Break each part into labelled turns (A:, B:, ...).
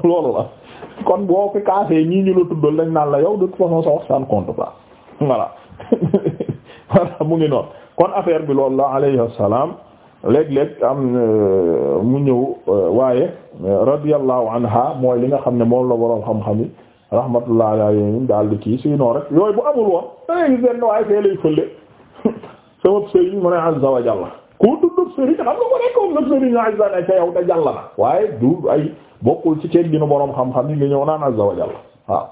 A: loolu la kon boo fi kaasee ñii ñu la tuddal dañ naan la yow de toute façon sa wax ça compte pas voilà voilà mu ngi noonu kon affaire bi loolu la alayhi salaam léeg-léeg am euh, mu ñëw euh, waaye euh, radiyallahu anha mooy li nga xam ne moom la boroom xam-xam yi rahmatullah alayhi yooyu daal di kii sinon rek yooyu bu amul woon dangay eh, gis benn waaye fee lay fële sama sëriñ mu ne azza wa jalla ku tudd sëriñ xam nga ko nekkoon nga sëriñ azza wa jalla ca yow te jàll na waaye du bokkul ci tegginu boroom xam-xam yi nga ñëw naan azza wa waaw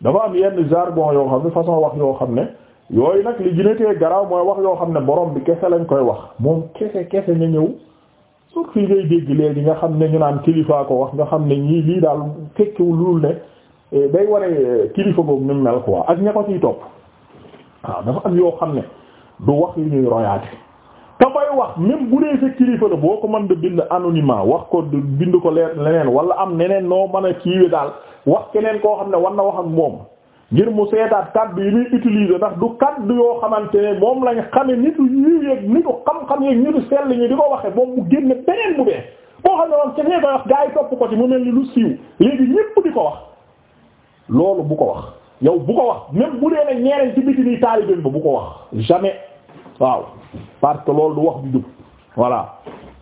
A: dafa am yenn jargon yoo xam ne façon wax yoo xam ne yooyu nag li ginatee garaaw mooy wax yoo xam ne boroom bi kese lañ koy wax moom kese kese nga ñëw surtout fii ngay dégg léegi nga xam ne ñu naan kilifaa ko wax nga xam ne ñii lii daal tekkiwul lul ne eh, day ware eh, kilifa boobu ni mel quoi ak ña ko ciy topp waaw dafa am yoo xam ne du wax yu ñuy royaate ka koy wax même bu dee sa kilifa la boo ko mën da bind anonymement wax ko bind ko leer leneen wala am neneen noo mën a kiiwe daal wax keneen koo xam ne war na wax ak moom ngir mu seetaat kaddu yi muy utiliser ndax du kaddu yoo xamante ne moom lañ xame nitu yiw yeeg nitu xam-xam yeeg nitu sell ñi di ko waxe moom mu génne beneen mu bee boo xam ne moom cefee koy wax gaa yi topp ko ci mu mel ni lu siiw léegi ñépp di ko wax loolu bu ko wax yow bu ko wax même bu dee ne ñeneen ci biti ni taaliben ba bu ko wax jamais waaw parce que loolu du wax du jub voilà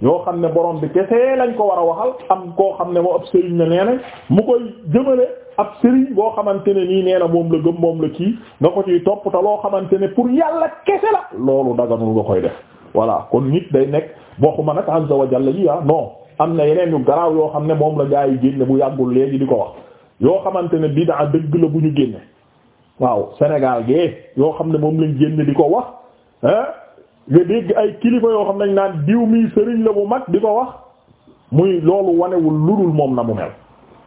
A: yoo xam ne borom bi kese lañ ko war a waxal am koo xam ne moo nee na mu koy jëmale ab sëriñ boo xamante ne nii nee na moom la gëm moom la kii nga ko ciy topp loo xamante ne pour yàlla loolu daganul nga koy def voilà kon day nekk bokkuma nag azza wa jalla ji ah non am na yeneen yu garaaw yoo xam ne moom la gaa yi génne bu yàggul léegi di ko wax yoo xamante ne bid'a dëgg la bu ñu génne waaw Sénégal yoo xam ne moom lañ génne di ko wax ah nga dégg ay kilifa yoo xam nañ naan diw mii sëriñ la bu mag di ko wax muy loolu wanewul ludul moom na mu mel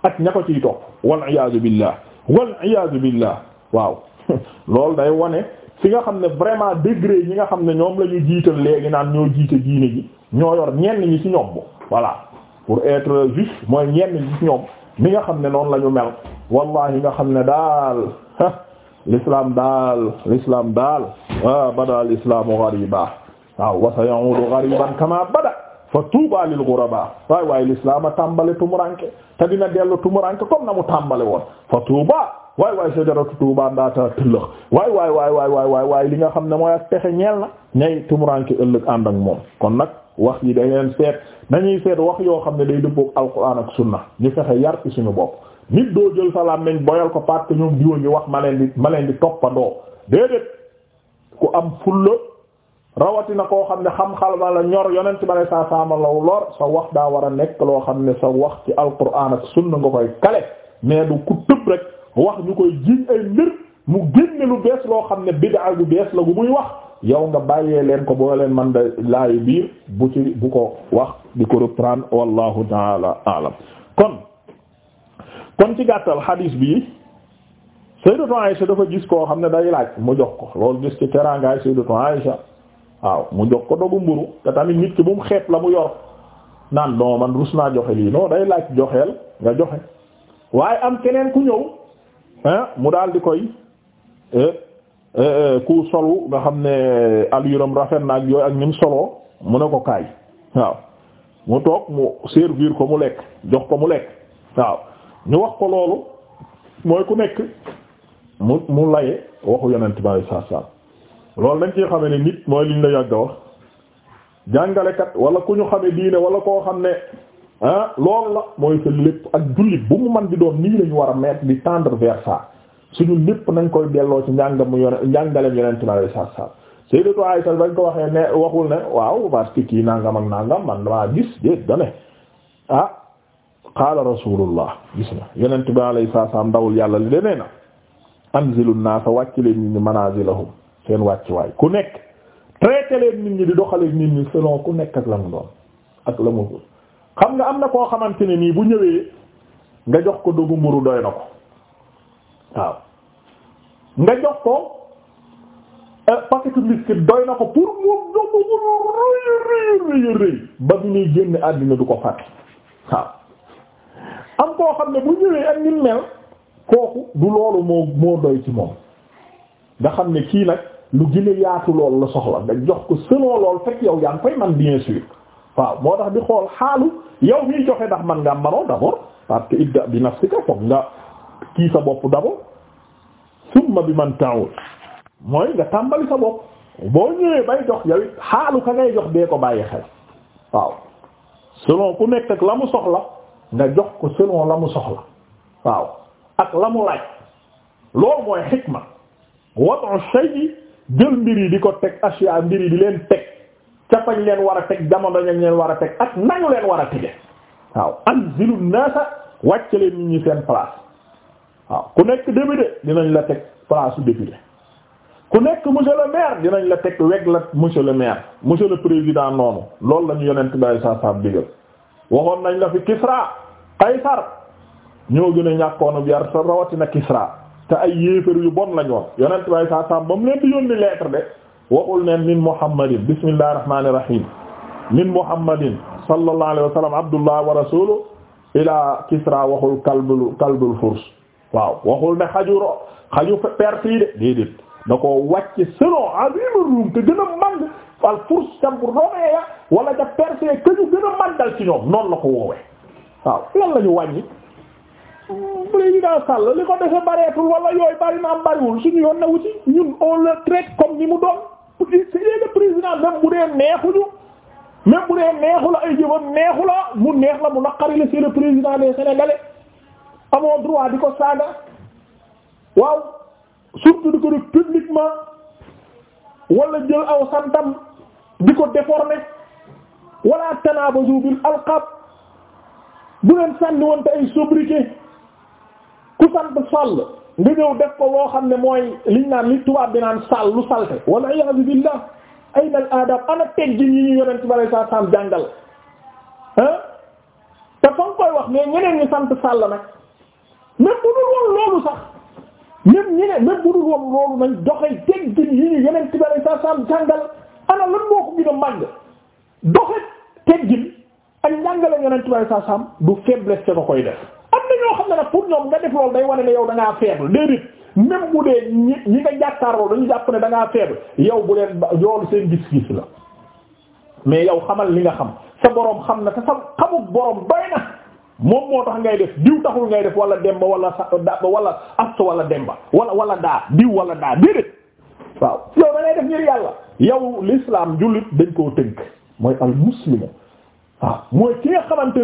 A: ak ña ko ciy topp wal iyaazu billah wal iyaazu billah waaw loolu day wane fi nga xam ne vraiment dégré ñi nga xam ne ñoom la ñu jiital léegi naan ñoo jiite diine ji ñoo yor ñenn ñi ci ñoom voilà pour être juste mooy ñenn ñi ci ñoom mi nga xam ne noonu la ñu mel wallahi nga xam ne daal l'islam daal l'islam daal ah bada al islamu ghariba waaw wa sayaudu ghariban kama bada fa tuuba lil ghuraba waay waaye l'islam a tàmbale tumuranke te dina dellu tumuranke comme na mu tàmbale woon fa tuuba waay waay sajaratu tuuba ndaata tëllëx waay waay waay waay waay waay waay li nga xam ne mooy ak pexe ñeel na ñay tumuranke ëllëg ànd ak moom kon nag wax yi dañ leen seet nañuy seet wax yoo xam ne day dëppook alquran ak sunna ñu fexe yar ci suñu bopp nit doo jël sa làmmiñ boyal ko parce que ñoom diwa ngi wax ma leen di ma leen di toppandoo déedéet ku am fulla rawatina koo xam ne xam-xal ma la ñor yonent ba ne saa saama law lor sa wax daa war a nekk loo xam ne sa wax ci alquran ak sunna nga koy kale mais du ku tëb rek wax ñu koy jiiñ ay mbir mu génne lu bees loo xam ne bid'a gu bees la gu muy wax yow nga bàyyee leen ko boo leen man da laayu biir bu ci bu ko wax di ko reprendre wallahu taala alam kon ci gàttal xadiis bi Sayyidatu Aïsha dafa gis koo xam ne day laaj mu jox ko loolu gis ci teraangaay Sayyidatu Aïsha waaw mu jox ko dogu mburu te tamit nit ki bu mu xeeb la mu yor naan non man rus naa joxe lii non day laaj joxeel nga joxe waaye am keneen ku ñëw mu daal di koy eh, eh, ku solu nga xam ne aluram rafet na ak ak nim soloo mu ne ko kaay waaw mu toog mu servir ko mu lekk jox ko mu lekk waaw ñu wax ko loolu mooy ku nekk mu mu laye waxu yonent bi saa saa loolu dañ ciy xame ne mooy liñ la yàgg a wax wala ku ñu xame diine wala koo xam ne ah loolu la mooy lépp ak jullit bu mu man di doon nii war a mettre di tendre vers ça suñu lépp nañ koy delloo ci njàngamu yone njàngaleem yonent bi saa saa Sayyidatu Aisha waxee ne waxul ne waaw parce que kii man damaa gis déet da ne ah. qaala rasulullah gis na yonent bi alayhi salaam ndawul yàlla li denee na anzilu naasa wàcc leen nit ñi manazilahum seen wàcc waay ku nekk traité leen nit ñi di doxaleen nit ñi selon ku nekk ak la mu doon ak la mu xam nga am na koo xamante ne nii bu ñëwee nga jox ko dugg mburu doy na ko waaw nga jox ko paquetu biscuit doy na ko pour mu dogu mu rëy rëy rëy ba bi muy génn àddina du ko fàtte waaw am koo xam ne bu ñëwee ak nim mel kooku du loolu moo moo doy ci moom nga xam ne kii nag lu gën yaatu lool la soxla nga jox ko selon lool fekk yow yaa ngi koy man bien sûr waaw moo tax di xool xaalu yow miy joxe ndax man nga manoo d'abord parce que ibda bi nafsika foog nga kii sa bopp d'abord summa bi man ta'ul mooy nga tàmbali sa bopp boo ñëwee bay jox yow xaalu ka ngay jox dee ko bàyyi xel waaw selon ku nekk ak la mu soxla nga jox ko selon la mu soxla waaw ak la mu laaj loolu mooy xikma watu shay'i jël mbir yi di ko teg asiya mbir yi di leen teg ca fañ leen war a teg jamono ñañ leen war a teg ak nañu leen war a tege waaw anzilu naasa wàcce leen nit ñi seen place waaw ku nekk député dinañ la teg place député ku nekk monsieur le maire dinañ la teg weg la monsieur le maire monsieur le président noonu loolu la ñu yonent bi sallallahu alayhi wasallam waxoon nañ la fi Kisra Qaysar ñoo gën a ñàkkoonub yar sa rawatina Kisra te ay yéefar yu bon lañoon yonent bay saa saam ba mu leen di yónni lettre de waxul neen min Muhammadin bismillahir rahmanir rahim min Muhammadin sallallahu alayhi wa sallam abdullah wa ila Kisra waxul kalbul kalbul furs waaw waxul ne xaju ro xaju perse de déedéet da ko wàcc selon azimur rum te gën a mag al furs ca Romeya wala ca Perse que gën a màndal ci ñoom noonu la ko woowee waaw lan la ñu wàññi. président Sall li ko defee bareetul wala yooyu bari na am bariwul suñu yoon na wuti ñun on le comme ni mu doon si léegi président même bu dee neexuñu même bu dee neexu ay jëfam neexu mu neex la mu naqari la c'est le président des Sénégalais droit di ko saaga waaw surtout di ko def publiquement wala jël aw santam. di ko déformer wala tanabazu bil alqab bu leen sànni woon te ay sobriquet ku sant sàll nga ñëw def ko loo xam ne mooy liñ naan li tubaab bi naan sàll lu salte wala iyaazu billah ayna al adab ana teggin yi ñu yonent bi sallallahu alayhi jàngal ah te fa nga koy wax mais ñeneen ñi sant sàll nag même bu dul woon loolu sax même ñeneen même bu dul woon loolu nañ doxee teggin yi ñu yonent bi sallallahu alayhi jàngal ana lan moo ko gën a màgg doxe teggin ak njàngale yonent bi sallallahu alayhi wasallam du faiblesse te nga koy def am na ñoo xam ne nag pour ñoom nga def loolu day wane ne yow da ngaa faible déedéet même bu dee ñi ñi nga jàkkaarloo dañu jàpp ne dangaa ngaa faible yow bu leen yoolu seen gis-gis la mais yow xamal li nga xam sa boroom xam na te sa xamut boroom doy na moom moo tax ngay def diw taxul ngay def wala demba wala sa wala ast wala demba wala wala daa diw wala daa déedéet yow lislaam jullit dañ koo tënk mooy al muslimu waaw mooy ki nga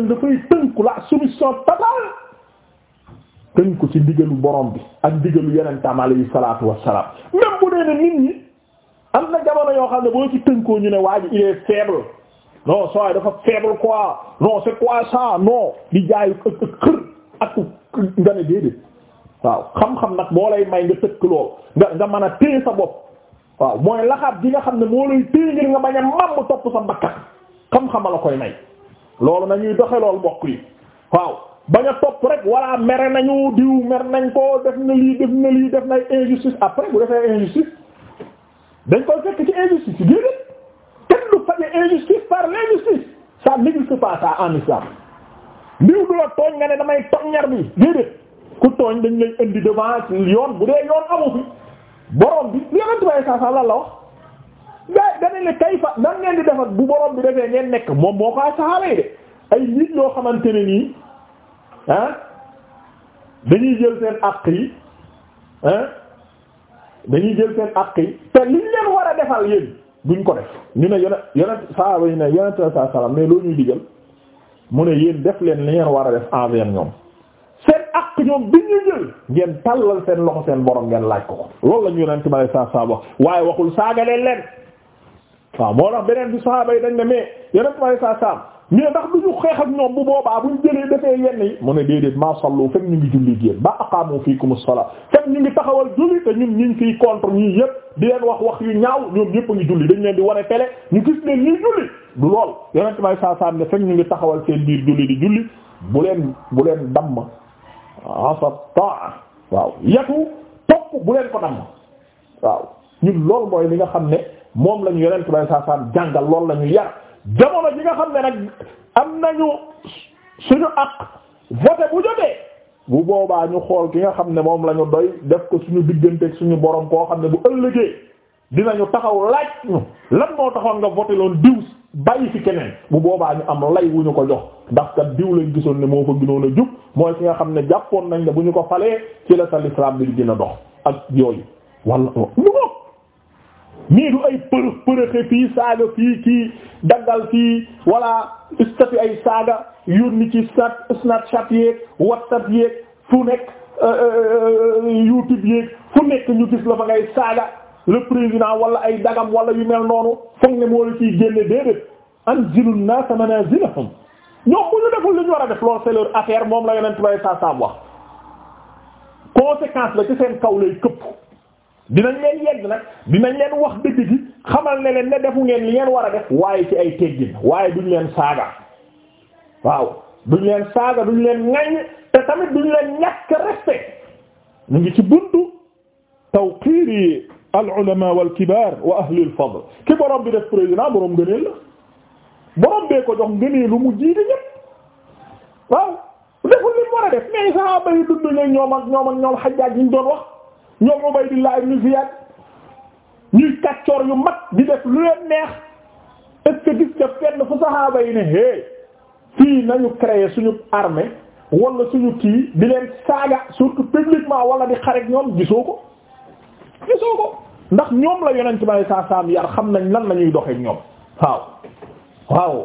A: dafay tënku la soumission totale tënku ci ndigalu borom bi ak ndigalu yenentam alayhi salaatu wassalaam même bu dee ne ñi am na jamono yoo xam ne boo ci tënkoo ñu ne waa ji il est faible non ça dafa faible quoi non c'est quoi ça non di jaayu xër ak nga ne déedéet waaw xam-xam nag boo lay may nga tëkk lool nga nga mën a téye sa bopp waaw mooy laxaab bi nga xam ne moo lay téye ngir nga bañ a mamm topp sa bakkan xam-xama la koy may loolu ñuy doxe lool mbokk yi waaw bañ a topp rek walla mere nañu diw mer nañ ko def na lii def na lii def na injustice après bu defee injustice dañ koy fekk ci injustice yi déedéet kenn injustice par l'injustice ça n'existe pas en islam ndiw du la tooñ nga ne damay toññar bi déedéet ku tooñ dañ lay indi devant yoon bu dee yoon amu borom bi yonent bi saa saa la la wax mais danañ la nan ngeen di defar bu borom bi defee ngeen nekk moom moo ko ay saxaaba yi de ay nit loo xamante ne nii ah dañuy jël seen àq yi ah dañuy jël seen àq yi te liñ leen war a defal yéen duñ ko def ñu ne yonent yonent saxaaba yi ne yonent bi saa saa la mais loo ñuy digal mu ne yéen def leen li ngeen war a def envers ñoom. àq ñoom bi ngeen tallal seen loxo seen borom ngeen laaj ko ko loolu la ñu yonente ma lay saa saa waaye waxul saagaleen leen waaw moo tax beneen bi sahaaba yi dañ ne mais yonente ma lay saa saam mais ndax du ñu xeex ak ñoom bu boobaa buñ jëlee defee yenn yi mu ne déedéet maa sallu fekk ñu ngi julli yéen ba aqaamu fiikum as-salaa fekk ñu ngi taxawal julli te ñun ñu ngi fiy contre ñii yépp di leen wax wax yu ñaaw ñoom ñépp a ngi julli dañ leen di wane télé ñu gis du lool yonente ma saa saam ne fekk ñu taxawal seen biir julli di julli bu leen bu leen damm asab taa waaw yatu topp bu leen ko damm waaw ñun loolu mooy li nga xam ne moom la ñu yonent bay saa saan jàngal loolu la ñu yar jamono ji nga xam ne nag am nañu ñu ak vote bu jotee bu boobaa ñu xool ki nga xam ne moom lañu ñu doy def ko suñu digganteeg suñu boroom koo xam ne bu ëllëgee ñu taxaw laaj ñu lan moo taxoon nga voté loon diw bàyyi fi keneen bu boobaa ñu am lay wu ñu ko jox ndax kat diw lañ gisoon ne moo fa gënoon a jub mooy ki nga xam ne jàppoon nañ ne bu ñu ko falee ci la sa lislaam bi dina dox ak yooyu walla ñu ko nii du ay përëx përëxe fii saaga fii kii daggal fii walla statut ay saaga yónni ci Snapchat yeeg WhatsApp yeeg fu nekk euh, euh, euh, YouTube yeeg fu nekk ñu gis la fa ngay saaga le président ay dagam wala yu mel noonu foog ne moo la ciy génne déedéet anzilu naasa manaazilahum ñoom bu ñu deful li war a def loolu c'est leur moom la yonent bay sa sam wax conséquence la ci seen kaw lay këpp dinañ leen yedd nag dinañ leen wax dëgg gi xamal ne leen ne defu ngeen li ngeen war a def waaye ci ay teggin waaye duñ leen saaga waaw duñ leen saaga duñ leen ŋaññ te tamit duñ leen ñàkk respect ñu ngi ci buntu tawqiiri al ulama wal kibaar wa ahlul fadl ki borom bi def président borom gëneel la borom bee ko jox gëneel lu mu jiite ñëpp waaw deful li mu war a def mais sahaaba ñoom ñoom ak ñoom ak ñoom Hajjaaj yi ñu doon wax ñoom Ubaydillah ibn yu mag di def lu leen neex est ce que gis nga fenn fu sahaaba yi ne hey fii nañu créer suñu armée wala suñu kii di leen saaga surtout publiquement wala di xarek ñoom gisoo ko. gisoo ko ndax ñoom la yonent bale saa saam yar xam na nan la ñuy doxee ñoom waaw waaw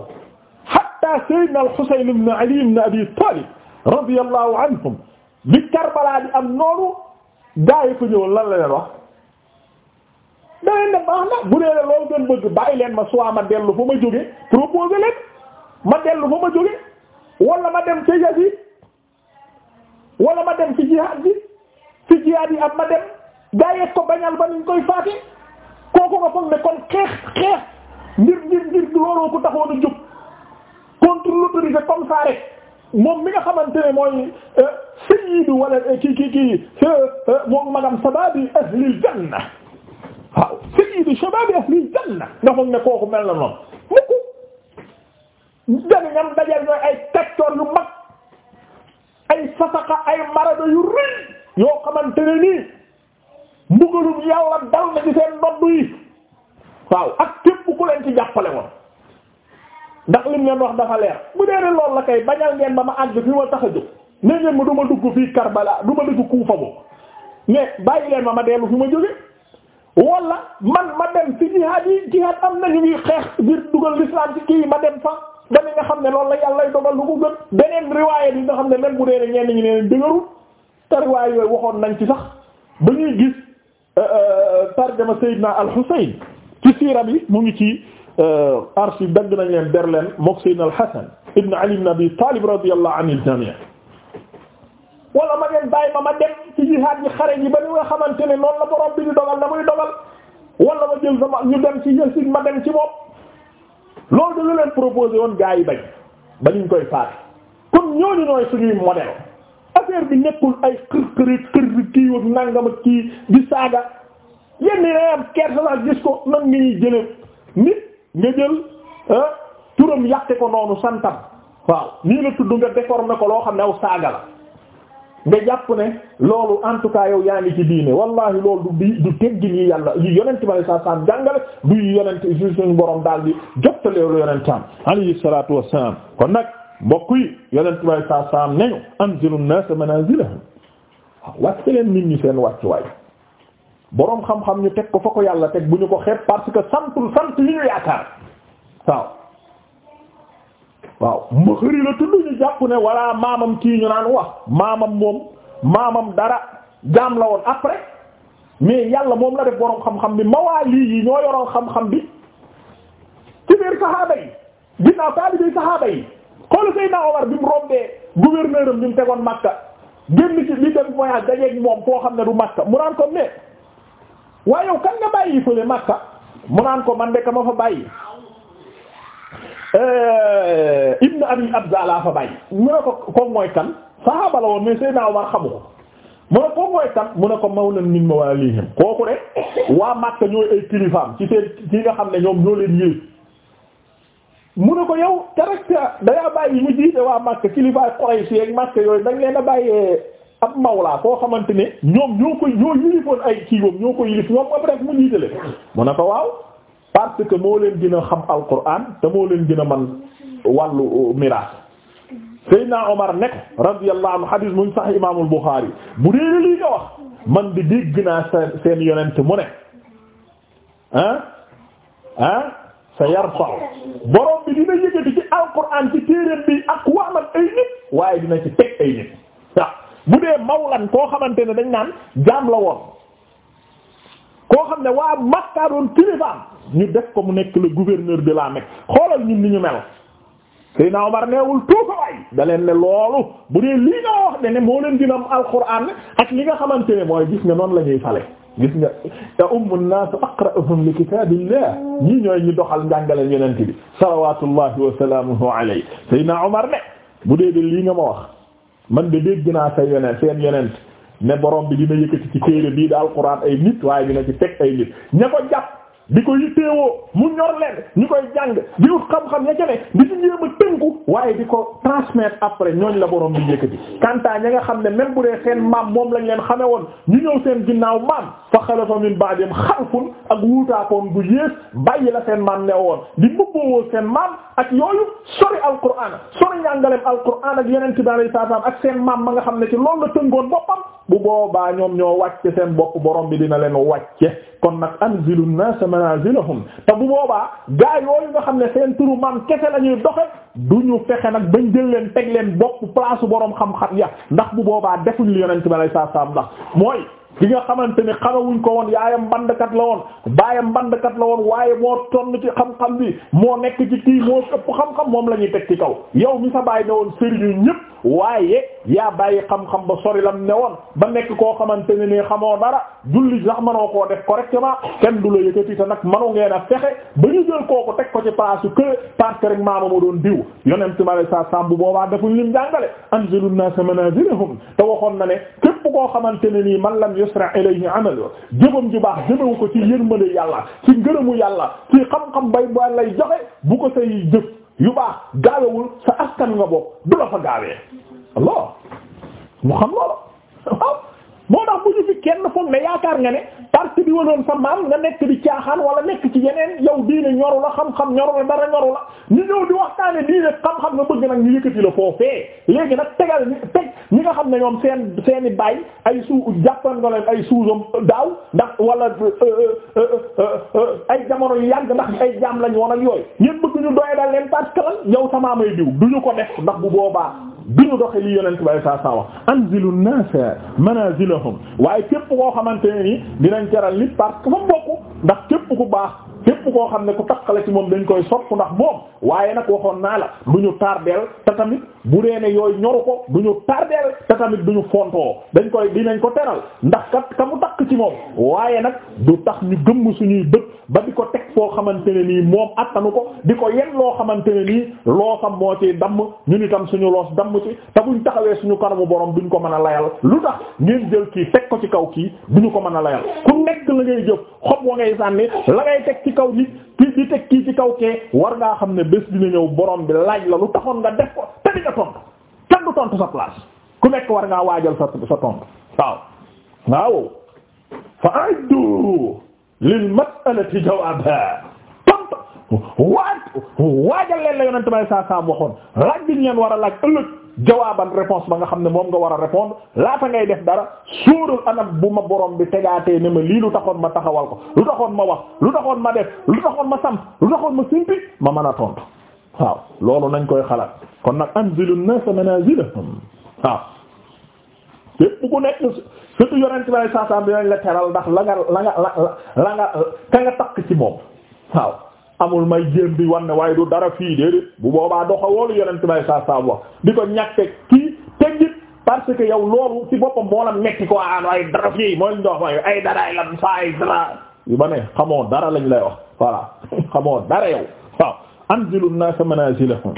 A: hatta sayyidna al-Husayn ibn Ali ibn Abi Talib radiyallahu anhum bi Karbala am noonu gaa yi ko lan la leen wax da leen ne baax na bu dee la loolu gën bëgg bàyyi leen ma soit ma dellu fa ma jóge proposé leen ma dellu fa ma jóge wala ma dem ci Yazid wala ma dem ci jihaad bi yi am ma dem gaayee ko bañal ba nuñ koy faate kooku nga foog ne kon xeex xeex ngir ngir ngir looloo ko taxoon a jóg contre l'autorité comme ça rek moom mi nga xamante ne mooy euh, sayyidu wala euh, ki ki kii euh, moom magam sababi ahlil janna waaw sayyidu shababi ahlil janna nga foog ne kooku mel na noonu mukk jariñam dajal ñooy ay taccoor yu mag ay sasaka ay marado yu rëy yoo xamante nii mbugalum yàlla dal na ci seen noddu yi waaw ak képp ku leen ci jàppale woon ndax lim ngeen wax dafa leer bu dee ne loolu la kay bañal ngeen ba ma àgg fi ma tax a jóg nee ngeen ma du ma dugg fii Karbala du ma dugg Kufa boobu mais bàyyi leen ma ma dellu fi ma jóge wala man ma dem ci jihaad yi jihaad am na ñu ngi xeex ngir dugal l'islam ci kii ma dem fa ba nga xam ne loolu la yàlla dogal lu ko gën beneen riwaayé bi nga xam ne même bu dee ne ñenn ñi ne te riwaayé waxoon nañ ci sax ba tarjama euh, euh, Seydina al-Husayn ci siira bi mu ngi ci euh, archive dagg nañ leen berlin mook Seydina al-Hasan ibn Ali ibn Abi Talib radiyallahu anil jami' wala ma ngeen bàyyi ma ma dem ci jihaad ji xare ji ba ni nga xamante ne noonu la borom bi di dogal da muy dogal wala ma jël ñu dem ci jël si ci bopp loolu da la leen proposé woon gaa yi bañ ba ñu koy faat kon affaire bi nekkul ay kër kër kër kii wut nangam ak kii di saaga yenn yi day am kersa la gis ko nan nga ñuy jëlee nit nga ah, noonu santam waaw nii la tudd nga déformé ko loo xam ne aw saaga la nga jàpp ne loolu en tout cas yow yaa ngi ci diine wallahi loolu du du teggin yi yàlla yu yonent bi saa saam jàngale du yonent suñ borom daal di jottaleelu yonentam alayhi salaatu wassalaam kon nag. mbokk yi yonent bi alayhi salaatu salaam nañu anzilu naasa manaazilahum wàcc leen nit ñi seen wàccuwaay boroom xam-xam ñu teg ko fa ko yàlla teg bu ñu ko xeeb parce que santul sant li ñu yaakaar waaw waaw la tudd ñu jàpp ne walla maamam kii ñu naan wax maamam moom maamam dara jaam la woon après mais yàlla moom la def boroom xam-xam bi mawaali yi ñoo yoroon xam-xam bi ci saxaaba yi ginnaaw taalibe saxaaba yi xoolu Seydina Omar bi mu rombee gouverneur am bi mu tegoon Makka génn ci li dem voyage dajeeg moom foo xam ne du Makka mu naan ko mais waaye yow kan nga bàyyi fële Makka mu naan ko man de ka ma fa bàyyi euh, Ibn Abi Abza laa fa bàyyi mu ne ko ko mooy kan saxaaba la woon mais Seydina Omar xamu ko mu ne ko mooy kan mu ne ko mawlan min mawalihim kooku de waa Makka ñooy ay kilifaam ci seen ci nga xam ne ñoom ñoo leen yées mu ne ko yow te rek dangaa bàyyi mu jiite waa Makka kilifaay Quraysh yeeg yooyu dañ leen a bàyyee ab mawlaa koo xamante ni ñoom ñoo koy ñoo yilifoon ay kiiwam ñoo ko yilif ñoom ba bref mu jiite leen mu ko waaw parce que moo leen gën a xam alquran te moo leen gën a man wàllu euh, miraas Seydina Omar nekk radiyallahu anhu hadis muñ sax imaamul Buxaari bu dee lii nga wax man di dégg naa seen seen yonent mu ne ah ah sa yarfa borom bi dina yëgati ci alquran ci téereem bi ak waaman ay nit waaye dina ci teg ay nit bu dee mawlan koo xamante ne dañ naan jaam la woon koo xam ne waa Makka doon kilifaam ñu def ko mu nekk le gouverneur de la Mecque xoolal ñun ni ñu mel Seydina Omar neewul tuufa waay da leen ne loolu bu dee lii nga wax ne ne moo leen dina am alquran ak li nga xamante ne mooy gis nga noonu la ñuy fale gis nga te ummu nnaas aqra'uhum li kitaabillah ñii ñooy ñu doxal njàngaleen yonent bi salawatullahi wa salaamuhu alayhi sayyidina Umar ne bu dee de lii nga ma wax man de dégg naa sa yonent seen yonent ne borom bi dina yëkkati ci téere bii da alquran ay nit waaye dina ci teg ay nit ña ko jàpp di ko yitteewoo mu ñor leen ñu koy jàng di ut xam-xam ña ca ne di ci jéem a tënku waaye di ko transmettre après ñooñ la borom bi yëkkati kantaa ña nga xam ne même bu dee seen maam moom lañ leen xame woon ñu ñëw seen ginnaaw maam fa xalafa min ba'dihim xalfun ak wuutaakoon bu yées bàyyi la seen maam ne woon di mbubboo seen maam ak yooyu sori alquran sori njàngaleem alquran ak yeneen ci daal saasaam ak seen maam ma nga xam ne ci loolu n tënkoon boppam bu boobaa ñoom ñoo wàcce seen bopp borom bi dina leen wàcce kon nag anzilu nas manazilahum te bu boobaa gaa yooyu nga xam ne seen turu maam kese la ñuy doxe du ñu fexe nag bañ jël leen teg leen bokk place boroom xam-xam ya ndax bu boobaa defuñ li ci bi sallallahu alayhi wasallam ndax mooy ki nga xamante ne xamawuñ ko woon yaayam mbandkat la woon baayam mbandkat la woon waaye moo tonn ci xam-xam bi moo nekk ci kii moo ëpp xam-xam moom la ñuy teg ci kaw yow mi sa baay ne woon sëriñu ñépp waaye yaa bàyyi xam-xam ba sori lam ne woon ba nekk koo xamante ne nii xamoo dara julli sax manoo koo def correctement kenn du la yëkkati te nag manu ngeen a fexe ba ñu jël kooku teg ko ci place su kër parce que rek maama ma doon diw yonent ma sa sam bu boobaa defuñ lim jàngale anzilu nnaasa manaazilahum te waxoon na ne képp koo xamante ne nii man lam yusra ilayhi amalu jëfam ju baax jëmewu ko ci yërmande yàlla ci ngërëmu yàlla ci xam-xam bay ba lay joxe bu ko say jëf yu baax gaawewul sa askan nga bopp du la fa mu xam loolu waaw moo tax bu ñu fi kenn foog ne yaakaar nga ne parti bi wanoon sa maam nga nekk di caaxaan wala nekk ci yeneen yow diine ñoru la xam-xam ñoru la dara ñoru la ñu ñëw di waxtaane diine xam-xam nga bëgg nag ñu yëkkati la foofee léegi nag tegal teg ñi nga xam ne ñoom seen seeni baay ay suu jàppan nga leen ay suusam daaw ndax wala euh, euh, euh, ay jamono yu yàgg ndax ay jaam lañ woon ak yooyu ñeen bëgg ñu doye dal leen parce que lan yow sa maamay diw du ñu ko def ndax bu boobaa duñu doxe li yonent bi saa saa wax anzilu an-nas manazilahum waaye képp koo xamante ne ni dinañ jaral nit parce que mu bokk ndax képp ku baax képp koo xam ne ku la ci moom dañ koy sopp ndax moom waaye nag waxoon naa la du ñu tardeel te tamit bu dee ne yooyu ñoru ko du ñu tardeel te tamit du ñu fontoo dañ koy dinañ ko teral ndax kat ka mu takk ci moom waaye nag du tax ñu gëmm suñuy bët ba di ko teg foo xamante ne nii moom attanu ko di ko yen loo xamante ne nii loosam moo ci damm ñun itam suñu loos damm ci te buñ taxawee suñu kanamu borom duñ ko mën a layal lu tax ngeen jël kii teg ko ci kaw kii duñu ko mën a layal ku nekk ngay sànni la ngay teg ci kaw nit kii di teg kii ci kaw kee war ngaa xam ne bés dina ñëw borom bi laaj la lu taxoon nga def ko te di nga tontu kenn du tontu sa place ku nekk war ngaa waajal sa sa tontu waaw waaw fa waajal leen la yonent bay saa saa waxoon laaj bi ñu war a laaj ëllëg jawaaban réponse ba nga xam ne moom nga war a répondre laata ngay def dara sóoral anam bu ma borom bi tegaatee ne ma lii lu taxoon ma taxawal ko lu taxoon ma wax lu taxoon ma def lu taxoon ma sam lu taxoon ma simpi ma mën a tontu waaw loolu nañ koy xalaat kon nag a nnaasa manaazilahum waaw képp ku nekk surtout yonent bi sallallahu alayhi wasallam dinañ la teral ndax la nga la nga la la nga ka nga takk si moom waaw amul may jéem di wan waaye du dara fii déedéet bu boobaa doxa woolu yonent may saa saab wax di ko ñàkke kii teggit parce que yow loolu ci boppam moo la metti ko aan ah ay dara fii mooy ñu dox may ay daraay lan saa ay dara yu ba ne xamoo dara lañu lay wax voilà xamoo dara yow waaw anzilu an-nas manazilahum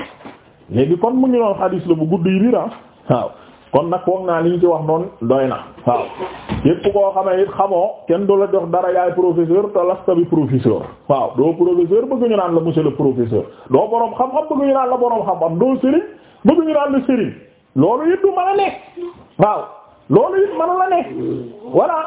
A: léegi kon mu ngi noon xadiis la bu gudd yi biir ah waaw kon nag foog naa li ñu ci wax noonu doy na waaw yépp koo xamee it xamoo kenn du la jox dara yaay professeur te lasta bi professeur waaw doo professeur bëgg ñu naan la mu le professeur doo boroom xam-xam bëgg ñu naan la boroom xam-xam doo sëriñ bëgg ñu naan la sëriñ loolu it du mën a nekk waaw loolu ma mën la nekk voilà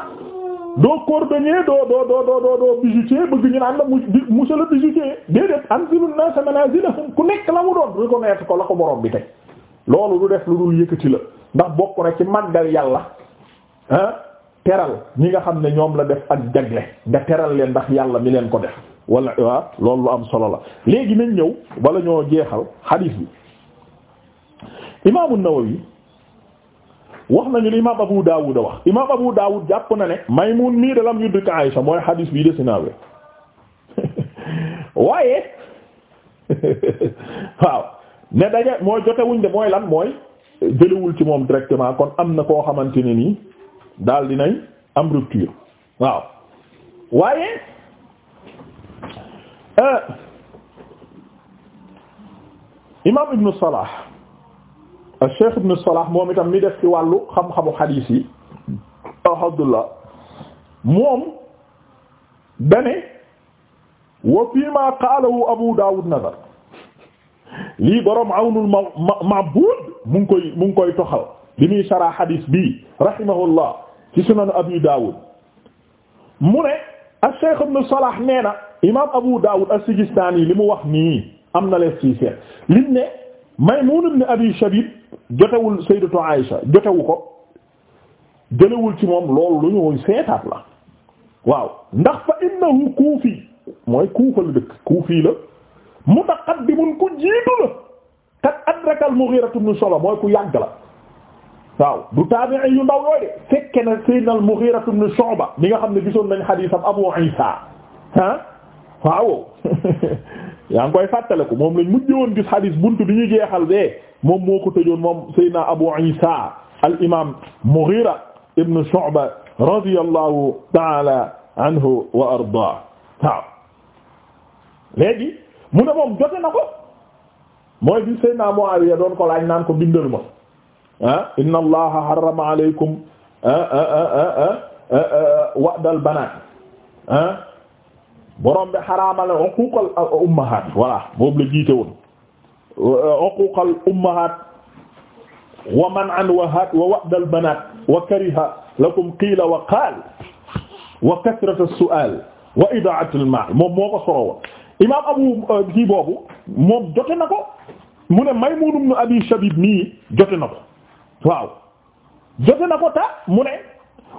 A: doo cordonnier doo doo doo doo doo doo bëgg ñu naan la mu le bijoutier déedéet anzilu naasa manaazilahum ku nekk la mu doon ko la ko bi teg loolu du def lu dul la. ndax bokk na ci màggal yàlla ah teral ñi nga xam ne ñoom la def ak jagle nga teral leen ndax yàlla mi leen ko def wala waaw ah, loolu lu am solo la léegi nañ ñëw bala ñoo jeexal xadiis bi imaamu Nawawi wax nañu li imaam Abu Dawud wax imaam Abu Dawud jàpp na ne Maymun mii dalam yudd ka Aysa mooy xadiis bii desi naa waaye waaw ne daje mooy jotewuñ de mooy lan mooy jëliwul ci moom directement kon am na koo xamante ne nii daal dinañ am rupture waaw waaye euh, imam ibnu salah cheikh ibnu salah moom itam mi def ci wàllu xam-xamu xadiis yi alhamdulillah moom dane wa fii ma qaalahu abu daawud nazar lii boroom awnul ma'bud mu ngi koy mu ngi koy toxal bi muy saraa hadis bii rahimahullah ci sunan Abi Dawud mu ne as-Shaykh Ibn Salah nee na imaam Abu Dawud as-Sijistani li mu wax nii am na lees ci seet lim ne Maymun ibn Abi Shabib jotewul Sayyidatu Aïsha jotewu ko jëlewul ci moom loolu lu ñu seetaat la waaw ndax fa innahu kuufi mooy kuufa la dëkk kuufi la mutaqaddimun ku jiitu la kat adrakal Mughira ibn Shu'ba mooy ku yàgg la waaw du taabi'i yu ndaw yooyu de fekke na sayyidina al-Mughira ibn Shu'ba mi nga xam ne gisoon nañ xadiisam Abu Isa ah waaw yaa ngi koy fàttaliku moom lañ mujj woon gis xadiis buntu bi ñu jeexal de moom moo ko tëjoon moom sayyidina Abu Isa al-imaam Mughira ibn Shu'ba radiyallahu ta'ala anhu wa ardaa waaw léegi mu ne moom jote na ko mooy bi Seydina Muawiya doon ko laaj naan ko bindal ma ah inna allaha harrama alaykum ah, ah, ah, wa'dal banaat ah borom bi xaraamal uquqal ummahaat voilà boobu la jiite woon uquqal ummahaat wa man'an wa haat wa wa'dal banaat wa kariha lakum qiila wa qaal wa kasrata su'aal wa idaa'atul maal moom moo ko sorowoon imaam abu euh, kii boobu moom jote na ko mu ne Maymun ibn Abi Shabib nii jote na waaw jote na ko ta mu ne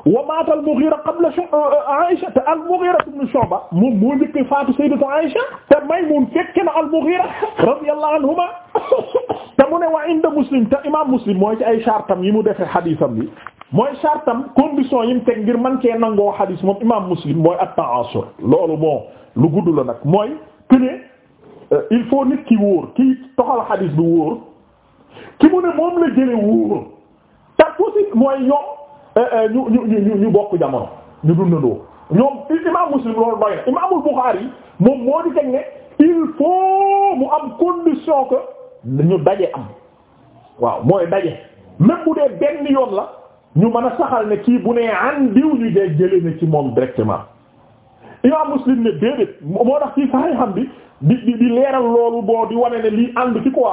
A: wa maata al-Mughira qabla euh, Aïsha te al-Mughira ibn Shu'ba moom moo njëkk faatu sayyidatu Aïsha te Maymun fekke na al-Mughira radiyallahu anhuma te mu ne wa inda Muslim te imam Muslim mooy ci ay chartam yi mu defee xadiisam bi mooy chartam condition yi mu teg ngir man cee nangoo xadiis moom imam Muslim mooy at-ta'asur loolu bon lu gudd la nag mooy Euh, il faut nit ki wóor ki toxal xadis bi wóor ki mu ne moom la jële wóor te aussi mooy ñoom euh, euh, ñu ñu ñu ñu bokk jamono ñu dundandoo ñoom imam Muslim loolu doy na imamul Bukhari moom moo di teg ne il faut mu am condition que ñu daje am waaw mooy daje même bu dee benn yoon la ñu mën a saxal ne kii bu ne an diw ñu dee jële na ci moom directement imam muslim ne déedéet moo tax ci saxi xam bi di di di leeral loolu boo di wane ne lii ànd ci quoi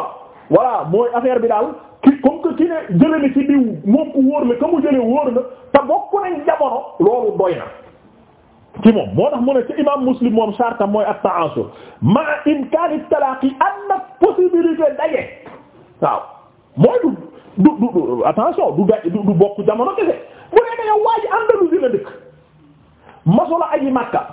A: voilà mooy affaire bi daal ki comme que ki ne jële ne ci diw moom ku wóor la ka mu jële wóor na te bokk nañ jamono loolu doy na ci moom moo tax mu ne ci imam muslim moom sartam mooy at ma imkan at-talaqi am possibilité daje waaw mooy du du du attention du kese bu dee da yow waa ji Andalusi la dëkk masula aji Makka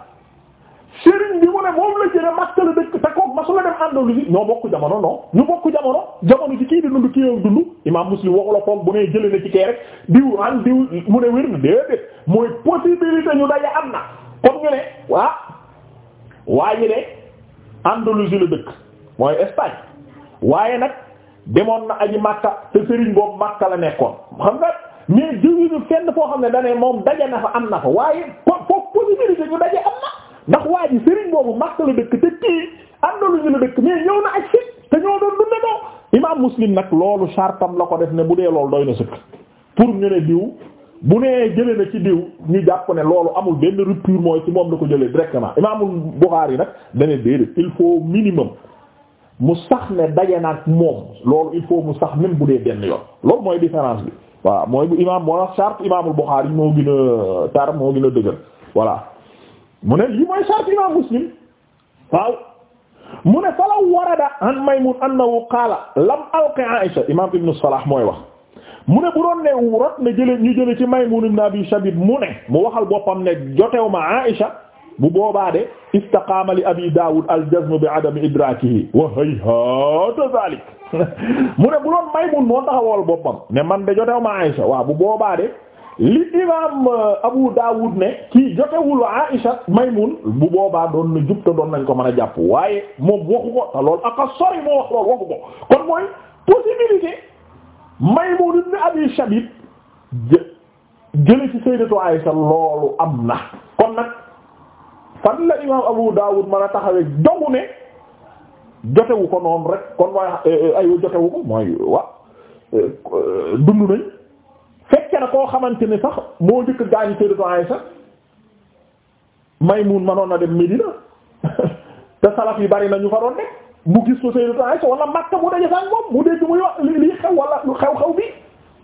A: sëriñ bi mu ne moom la jëlee Makka la dëkk te kooku masu la dem Andalusi ñoo bokk jamono non ñu bokk jamono jamono ci kii di dund kii yow dund imaam Muslim waxu la koog bu nee jële na ci kii rek diw an diw mu ne wér na déedéet mooy possibilité ñu daje am na comme ñu ne waa waaye de Andalusi la dëkk mooy Espagne waaye nag demoon na aji Makka te sëriñ boobu Makka la nekkoon xam nga mais jiw yi ñu fenn foo xam ne da moom daje na fa am na fa waaye po possibilité ñu daje ndax waa ji sëriñ boobu Makka la dëkk te kii Andalus la dëkk mais ñëw na ak si te ñoo doon dundandoo imaam Muslim nag loolu sartam la ko def ne bu dee loolu doy na sëkk pour ñu ne diw bu nee jëlee na ci diw ñu jàpp ne loolu amul benn rupture mooy ci moom da ko jëlee directement imaamul Bukhari nag dane déedéet il faut minimum mu sax ne daje nag moom loolu il faut mu sax même bu dee denn yoon loolu mooy différence bi waaw mooy bu imaam moo tax charte moo gën a moo gën a voilà mu ne lii mooy sart imam muslim waaw mu ne falaw warada an maymun annahu qaala lam alqi aisha imam ibnu mooy wax mu ne bu doon ne jële ñu jële ci maymun ibn abi shabib mu ne mu waxal boppam ne jotew ma aisha bu boobaa de istaqaama li abi daawud aljazm bi adami idrakihi wa hayhata zalik mu ne bu doon maymun moo taxawal boppam ne man de jotew ma aisha waaw bu boobaa li imam euh, Abu Dawud ne kii jotewul Aisha Maymun bu boobaa doon na jub doon nañ ko mën a jàpp waaye moom waxu ko te loolu aka sori moo wax loolu waxu ko kon mooy possibilité Maymun ibn Abi Shabib jële ci sayyidatu Aisha loolu am na kon nag fan la imam Abu Dawud mën a taxawee jogu ne jotewu ko noonu rek kon mooy euh, euh, ayu jotewu ko mooy wa dund nañ fekke na koo xamante ni sax moo njëkk gaañu sayyidatu Aysa Maymun manoon na dem Medina te salaf yi bari na ñu fa doon nekk mu gis ko sayyidatu Aysa wala Makka mu daje sax moom mu dégg muy wax lii xew wala xew-xew bi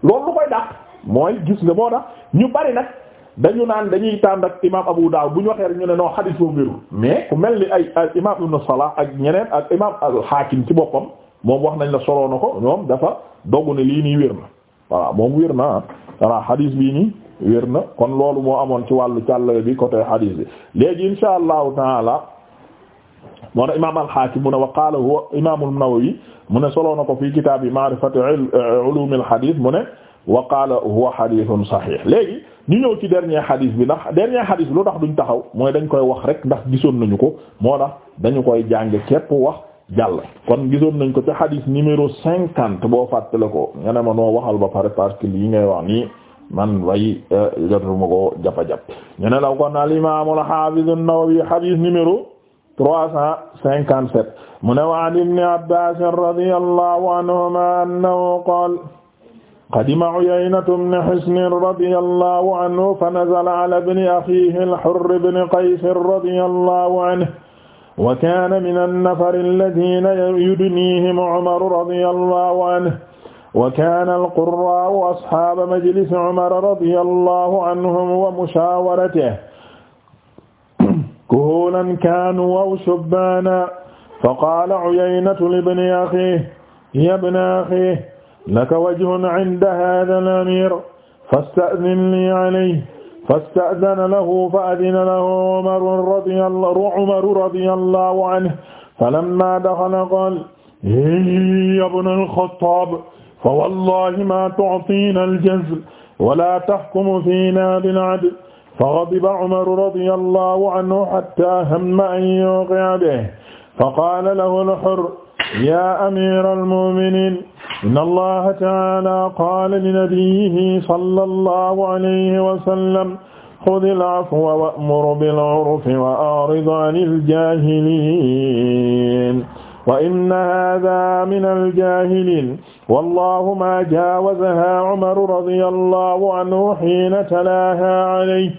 A: loolu koy dàq mooy gis nga moo tax ñu bari nag dañu naan dañuy tànn ak imaam Abu Daawud bu ñu waxee rek ñu ne non xadiis boobu wérul mais ku mel ni ay imaam Ibn Salah ak ñeneen ak imaam al-Hakim ci boppam moom wax nañ la solo ko ñoom dafa dogu ne lii nii voilà moom wér na ah xadis bii nii wér na kon loolu moo amoon ci wàllu càllale bi côté xadis bi léegi insha allahu taala moo na imam al-Hakim mu ne wa qaala huwa imam an-Nawawi mu ne soloo na ko fii kitaab yi ma'rifati ulum al-hadith mu ne wa qaala huwa hadithun sahih léegi ñu ñëw ci dernier hadith bi ndax dernier hadith bi lu tax duñ taxaw mooy dañ koy wax rek ndax gisoon nañu ko moo tax dañu koy jàng képp wax jàll kon gisoon nañ ko ci hadith numéro cinquante boo fàttale ko nga ne ma noo waxal ba pare parce que lii ngay wax nii man way eh, jotuma ko jàppa jàpp ñu ne la kon al imam al hafiz an-Nawawi hadith numéro trois cent cinquante sept mu ne wa an ibni abbas radiyallahu anhuma annahu qaala qadima Uyaynatu bnu Hisnin radiyallahu anhu fa nazala ala ibni akhihi al-Hurr ibn Qays radiyallahu anhu wa kaana min an-nafari alladhiina yudniihim Umar radiyallahu anhu wa kaana al-qurraa'u ashaaba majlisi Umar radiyallahu anhum wa mushawaratihi kuhulan kaanuu aw shubbaanan faqaala Uyaynatu libni akhiihi yaa ibna akhiihi laka wajhun 'inda haadha al-amiir fasta'dhin lii 'alayhi fasta'dana lahu fa adina lahu Umaru radiyallahu anhu falamma daxala qaala ya ibna al-Xattaab fa wallaahi maa tu'tiinaa al-jazl wa laa tahkum fiinaa bil-'adl fa ghadiba Umaru radiyallahu anhu hattaa hamma an yuuqi'a bihi fa qaala lahu al-Hurr yaa amiiral mu'miniin inna allaha taala qaala linabiyihi salla allahu alayhi wa sallam xudi al-afwa wa'mur bil-urfi wa a'rid anil jaahiliin wa inna haadha minal jaahiliin wallaahu maa jaawazahaa Umar radiyallaahu anhu hiina talaahaa alayhi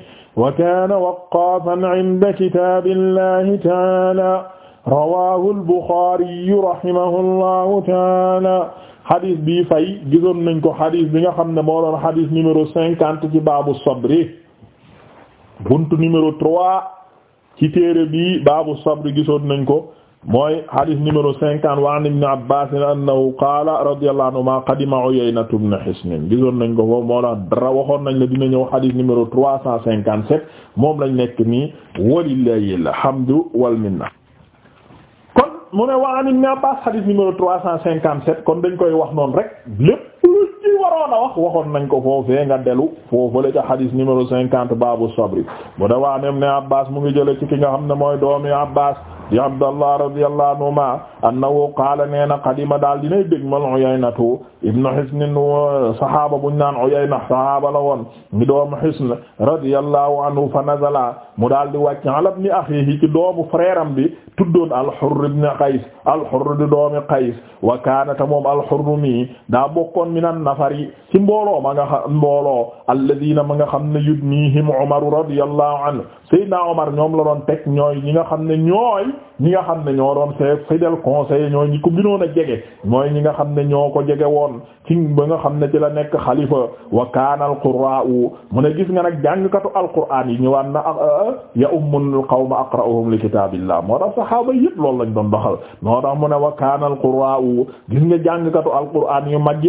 A: wa kaana waqqaafan 'inda kitaabillaahi taala rawaahu al-Buxaari rahimahullaahu taala xadis bi fay gisoon nañ ko xadis bi nga xam ne moo doon xadis numéro cinquante ci baabu sabri buntu numéro trois ci téere bi baabu sabri gisoon nañ ko mooy xadis numéro cinquante wa an ibn Abbaas annahu qaala radiyallahu anhuma qadima Uyayna ibn Hisn gisoon nañ ko moo la dara waxoon nañ la dina ñëw xadis numéro trois cent cinquante sept moom lañ nekk nii walillahi alhamdu wal mu ne waa Ibn Abbas hadith numéro trois cent cinquante sept kon dañ koy wax noonu rek lépp waroon a wax waxoon nañ ko foofee nga delu foofale ca xadis numéro cinquante babu sabri mu ne waa nem ne abbas mu ngi jële ci ki nga xam ne mooy doomi abbas di abdallah radiyallahu anhuma annahu qaala nee na qadima daal dinay dégmal uyaynatu ibnu hisnin sahaaba buñ naan uyayna sahaaba la woon mi doomu hisn radiyallahu anhu fa nazala mu daal di wàcc ala ibni akhihi ci doomu frère am bi tuddoon al-Hurr ibn Qays al-Hurr di doomi Qays wa kaana ta al fari ci mbooloo ma nga xam mbooloo alladina ma nga xam ne yudnihim Umar radiyallahu Omar ñoom la doon teg ñooy ñi nga xam ne ñooy ñi nga xam ne ñoo doon ses fidèle conseil ñooy ñi ko gënoon a jege mooy ñi nga xam ne ñoo ko jege woon ci ba nga xam ne ci la nekk xalifa wa kaana alqurraa mu ne gis nga nag jàngkatu alquraan yi ñëwaan na ah, ah, ya ummul qawma aqra'uhum li kitaabillah moo tax saxaaba yëpp loolu lañ doon doxal moo tax mu ne wa kaana alqurraa gis nga jàngkatu alquraan yu mag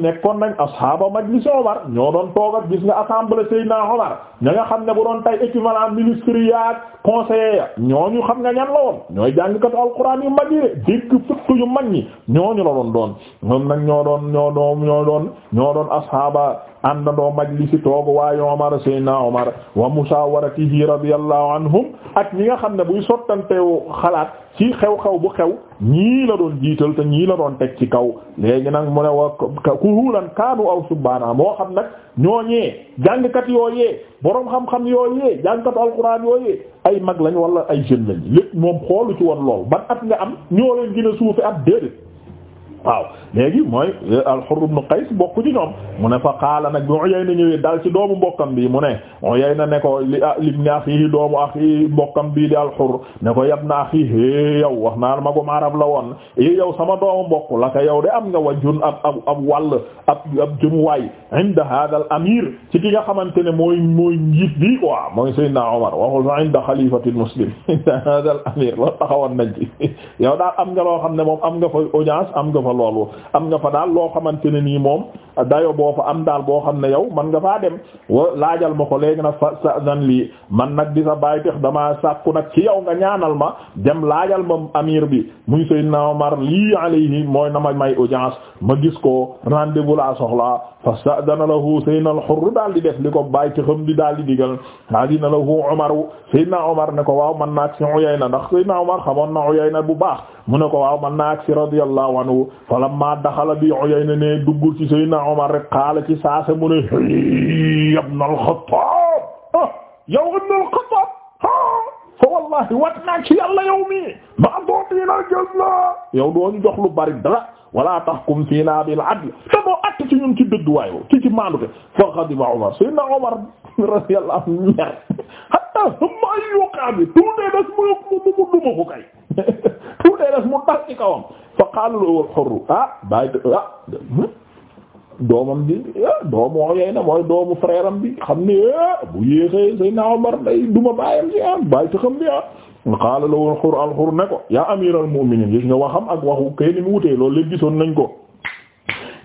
A: ñoom nekkoon nañ ashaaba majlis Omar ñoo doon toogat gis nga assemblée Seydina Omar ña nga xam ne bu doon tay équivalent ministres yaak conseillers ya ñooñu xam nga ñan la woon ñooy jàngkatu alquran yu mag yi dégg fukk yu mag ñi ñooñu la doon doon ñoom nag ñoo doon ñoo doon ñoo doon ñoo na àndandoo majlisi toogu waaye Omar Seydina Omar wa musaawaratihi radiyallahu anhum ak ñi nga xam ne buy sottanteewu xalaat ci xew-xew bu xew ñii la doon jiital te ñii la doon teg ci kaw léegi nag mu ne wa kuhulan kaanu aw subbaana moo xam nag ñooñee jàngkat yooyee boroom xam-xam yooyee jàngkatu alxuraan yooyee ay mag lañ wala ay jeunes lañ lépp moom xoolu ci woon lool ban at nga am ñoo leen gën a suufe ab déedéet waaw léegi mooy al-Hurr ibn Qays bokk ci mu ne fa qaala nag bi Uyayna ñëwee dal ci doomu mbokkam bi mu ne Uyayna ne ko li ah, ibn akhihi doomu akhi mbokkam bii di al-Hurr ne ko yabna akhihi eh, yow wax naa ma ko maarab la woon eh, yow sama doom mbokk la ka yow de am nga wajjun ab ab ab wàll ab ab jëmuwaay inda hada al amir ci ki nga xamante ne mooy mooy njiit bi waaw mooy Seydina Omar waxul fa inda xalifatil muslim inda hada am nga loo ne moom am nga fa audience am nga fa fa loolu am nga fa daal loo xamante ne nii moom dayo boo fa am daal boo xam ne yow man nga faa dem wa laajal ma ko léegi nag fa sa dan lii man nag di sa bàyyi tax damaa sàkku nag ci yow nga ñaanal ma dem laajal ma amir bi muy Seydina Omar lii alayhi mooy na ma may audience ma gis ko rendez-vous laa soxla fa sa dana lahu Seydina al-Hurr daal di def li ko bàyyi taxam di daal di digal daa dina lahu Omar Seydina Omar ne ko waaw man naag si Uyayna ndax Seydina Omar xamoon na Uyayna bu baax mu ne ko waaw man naag si radiyallahu anhu falamma daxala bi Uyayna ne duggul ci Seydina Omar rek xaala ci saasa mu ne ibn al-Khattab yow ibn al-Khattab fa wallahi wat naa ci yàlla yow mi ma dootiina jazla yow dooñu jox lu bari dara wala tahkum fiina bil adl te boo att ci ñun ci dëgg waay ci ci maandu te fa ghadiba Omar Seydina Omar radiyallahu anhu hatta humma an yuqa bi tuutee des mu mu mu duma ko kay tuutee des mu tax ci kawam fa xaalul owal xorru ah bàyyi ah hmm? doomam bi eh, doomoo yey na mooy doomu frère am bi xam ne eh, bu yéexee Seydina Omar day duma bàyyam ci ah bàyyi ta xam bi ah xaala la woon xur alxur ne ko yaa amiral mu'minin gis nga waxam ak waxu kay ni mu wutee loolu lépp gisoon nañ ko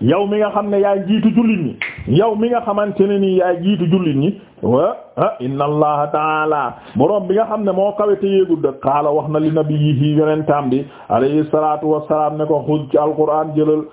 A: yow mi nga xam ne yaay jiitu jullit ñi yow mi nga xamante ne nii yaay jiitu jullit ñi wa ah inna allaha taala borom bi nga xam ne moo kawe te yéegul de xaala wax na li nabiyyi yonentam bi alayhi salatu wassalam ne ko xud ci alquran jëlal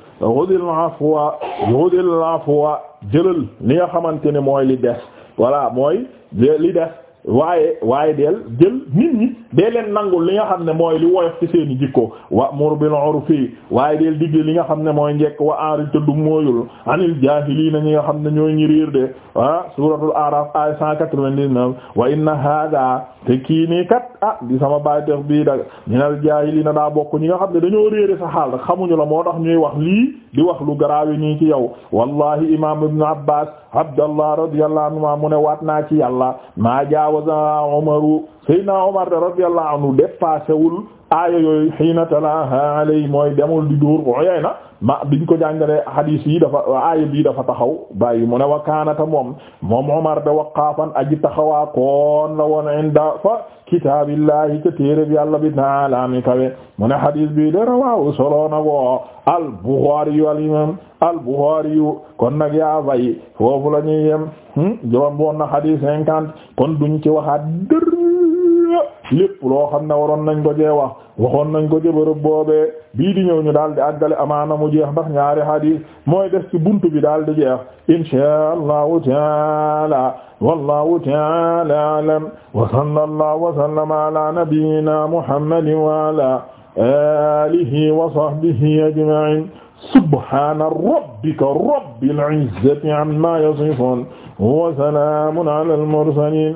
A: jëlal li nga xamante ne mooy li des voilà mooy li des waaye waaye deel jël nit ñi dee leen nangul li nga xam ne mooy li woyof ci seeni jikko wa mur bil urfi waaye deel diggee li nga xam ne mooy njekk wa enril te du mooyul anil jaahiliina ñi nga xam ne ñooy ñi réer de ah suuratul araf ay cent quatre-vingt-dix-neuf wa inna hada te kii nii kat ah di sama bàytex bii da minal jaahiliina daa bokku ñi nga xam ne dañoo réere sa xaal rek xamuñu la moo tax ñuy wax lii di wax lu garaawe nii ci yow wallahi imam ibn abbas Abdallah radiyallahu anhu mu ne waat naa ci yàlla maa jaawaza Umaru Seydina Omar radiyallahu anhu dépassé wul aaya yooyu hiina talaaha alay mooy demul di dóor ko yaay ma biñ ko jàngalee hadis yi dafa aaya bii dafa taxaw bàyyi mu ne wa moom moom Omar da waqaafan aji taxawaa koon la woon inda fa kitaabillahi ca téere bi yàlla bi taala mi kawe mu ne hadis bii de rawaaw solo na ko al Bukhari yu al imam al Bukhari yu kon nag yaa bayi foofu la ñuy yem joom boon na hadis kon duñ ci waxaat lépp loo xam ne waroon nañ ko jee wax waxoon nañ ko jëbërëb boobee bii di ñëw ñu daal di àggale amaana mu jeex ndax ñaari hadis mooy des ci buntu bi daal di jeex inshaa allahu taala wallahu taala alam wa sallallahu wa sallama ala nabiyyina muhammadin wa ala alihi wa sahbihi ajma'in subhana rabbika rabbil izzati amma yasifun wa salamun ala al mursalin